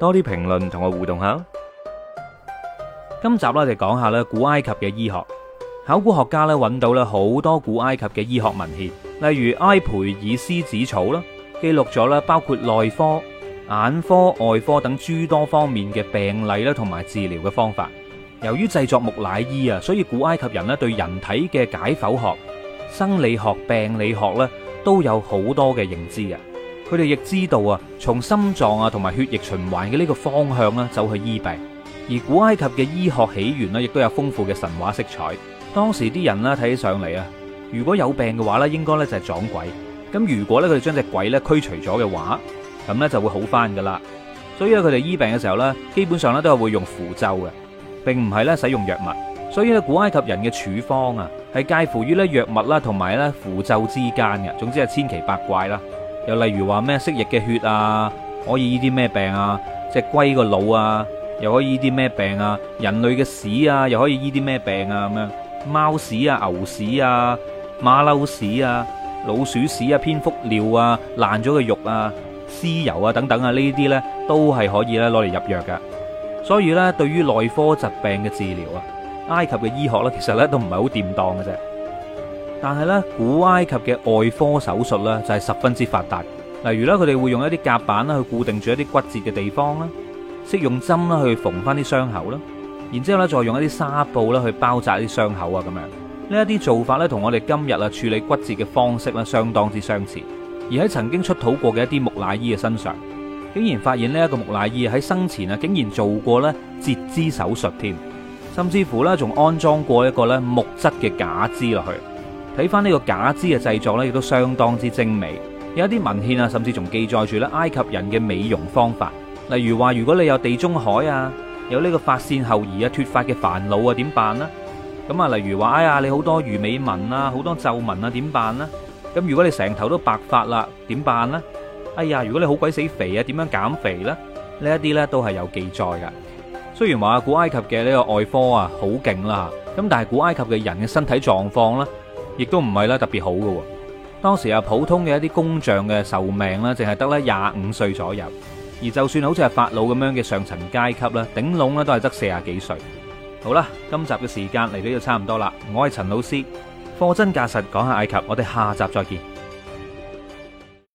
多啲評論同我互動下。今集我就講下咧古埃及嘅醫學。考古學家咧揾到咧好多古埃及嘅醫學文獻，例如埃培爾斯子草啦，記錄咗咧包括內科、眼科、外科等諸多方面嘅病例啦，同埋治療嘅方法。由於製作木乃伊啊，所以古埃及人咧對人體嘅解剖學、生理學、病理學都有好多嘅認知啊。佢哋亦知道啊，從心臟啊同埋血液循環嘅呢個方向呢，走去醫病。而古埃及嘅醫學起源呢，亦都有豐富嘅神話色彩。當時啲人呢睇起上嚟啊，如果有病嘅話呢，應該呢就係撞鬼。咁如果呢，佢哋將隻鬼呢驅除咗嘅話，咁呢就會好翻噶啦。所以咧佢哋醫病嘅時候呢，基本上呢都係會用符咒嘅，並唔係呢使用藥物。所以呢，古埃及人嘅處方啊，係介乎於呢藥物啦同埋呢符咒之間嘅。總之係千奇百怪啦。又例如話咩蜥蜴嘅血啊，可以醫啲咩病啊？隻龜個腦啊，又可以醫啲咩病啊？人類嘅屎啊，又可以醫啲咩病啊？咁樣貓屎啊、牛屎啊、馬騮屎啊、老鼠屎啊、蝙蝠尿啊、爛咗嘅肉啊、屍油啊等等啊，呢啲呢都係可以咧攞嚟入藥噶。所以呢，對於內科疾病嘅治療啊，埃及嘅醫學呢，其實呢都唔係好掂當嘅啫。但係咧，古埃及嘅外科手術咧就係十分之發達。例如咧，佢哋會用一啲夾板啦去固定住一啲骨折嘅地方啦，識用針啦去縫翻啲傷口啦，然之後咧再用一啲紗布啦去包紮啲傷口啊。咁樣呢一啲做法咧，同我哋今日啊處理骨折嘅方式咧相當之相似。而喺曾經出土過嘅一啲木乃伊嘅身上，竟然發現呢一個木乃伊喺生前啊竟然做過咧截肢手術添，甚至乎咧仲安裝過一個咧木質嘅假肢落去。睇翻呢個假肢嘅製作呢，亦都相當之精美。有一啲文獻啊，甚至仲記載住咧埃及人嘅美容方法。例如話，如果你有地中海啊，有呢個發線後移啊、脫髮嘅煩惱啊，點辦呢？咁啊，例如話，哎呀，你好多魚尾紋啊，好多皺紋啊，點辦呢？咁如果你成頭都白髮啦，點辦呢？哎呀，如果你好鬼死肥啊，點樣減肥呢？呢一啲呢，都係有記載㗎。雖然話古埃及嘅呢個外科啊好勁啦，咁但係古埃及嘅人嘅身體狀況咧，亦都唔係咧特別好嘅。當時啊，普通嘅一啲工匠嘅壽命咧，淨係得咧廿五歲左右。而就算好似係法老咁樣嘅上層階級咧，頂籠咧都係得四廿幾歲。好啦，今集嘅時間嚟到就差唔多啦，我係陳老師，貨真價實講下埃及，我哋下集再見。